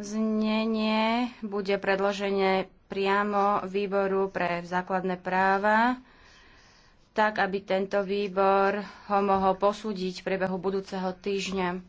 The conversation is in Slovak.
Znenie bude predložené priamo výboru pre základné práva, tak aby tento výbor ho mohol posúdiť v priebehu budúceho týždňa.